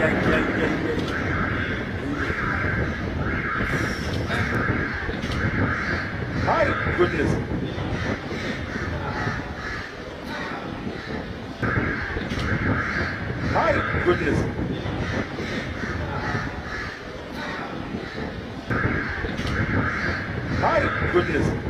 My goodness. My goodness. My goodness.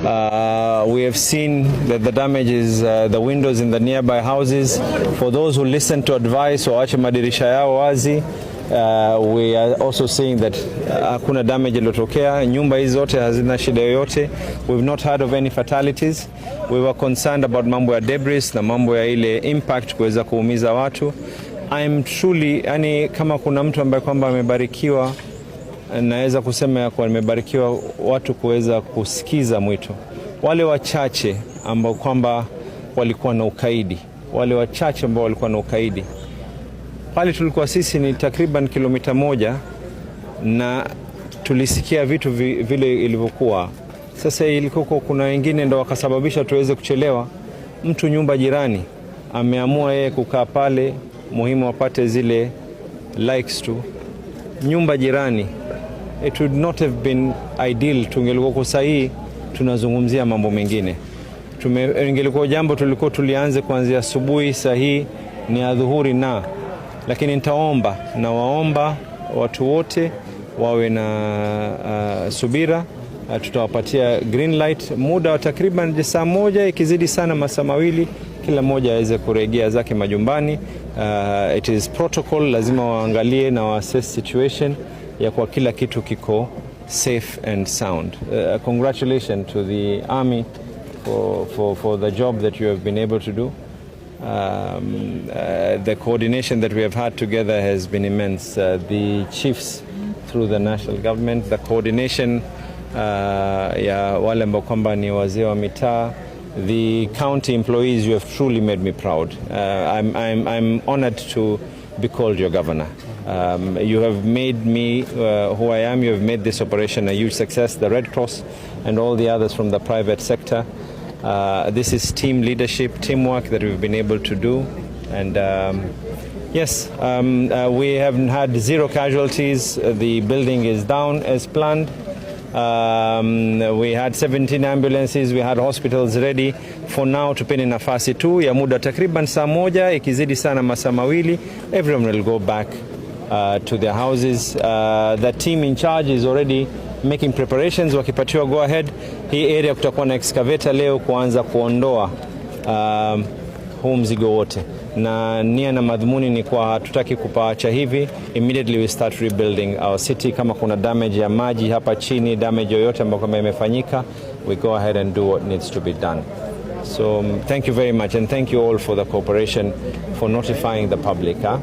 Uh, we have seen that the damage is uh, the windows in the nearby houses. For those who listen to advice waache madirisha yao wazi. Uh, we are also seeing that uh, hakuna uh, damage iliyotokea. Nyumba hizi zote hazina shida yoyote. We've not heard of any fatalities. We were concerned about mambo ya debris na mambo ya ile impact kuweza kuumiza watu. I'm truly yani, kama kuna mtu ambaye kwamba amebarikiwa, naweza kusema ya kuwa nimebarikiwa watu kuweza kusikiza mwito, wale wachache ambao kwamba walikuwa na ukaidi, wale wachache ambao walikuwa na ukaidi. Pale tulikuwa sisi ni takriban kilomita moja na tulisikia vitu vi, vile ilivyokuwa. Sasa ilikuwa kuna wengine ndo wakasababisha tuweze kuchelewa. Mtu nyumba jirani ameamua yeye kukaa pale muhimu wapate zile likes tu. Nyumba jirani, it would not have been ideal tungelikuwa kwa tunazungumzia mambo mengine. Ingelikuwa jambo tulikuwa tulianze kuanzia asubuhi, sahihi ni adhuhuri na lakini nitaomba na waomba watu wote wawe na uh, subira uh, tutawapatia green light muda wa takriban saa moja, ikizidi sana masaa mawili kila mmoja aweze kurejea zake majumbani. Uh, it is protocol, lazima waangalie na waassess situation ya kwa kila kitu kiko safe and sound. Uh, congratulations to the army for, for, for the job that you have been able to do. Um, uh, the coordination that we have had together has been immense. Uh, the chiefs through the national government, the coordination uh, ya wale ambao kwamba ni wazee wa mitaa the county employees, you have truly made me proud. Uh, I'm, I'm, I'm honored to be called your governor. Um, you have made me uh, who I am. You have made this operation a huge success. The Red Cross and all the others from the private sector. Uh, this is team leadership, teamwork that we've been able to do. And um, yes, um, uh, we have had zero casualties. The building is down as planned. Um, we had 17 ambulances, we had hospitals ready for now. Tupeni nafasi tu ya muda takriban saa moja, ikizidi sana masaa mawili, everyone will go back uh, to their houses. Uh, the team in charge is already making preparations, wakipatiwa go ahead. Hii area kutakuwa na excavator leo kuanza kuondoa um, huu mzigo wote na nia na madhumuni ni kwa hatutaki kupaacha hivi. Immediately we start rebuilding our city. Kama kuna damage ya maji hapa chini, damage yoyote ambayo kama imefanyika, we go ahead and do what needs to be done. So um, thank you very much and thank you all for the cooperation for notifying the public huh?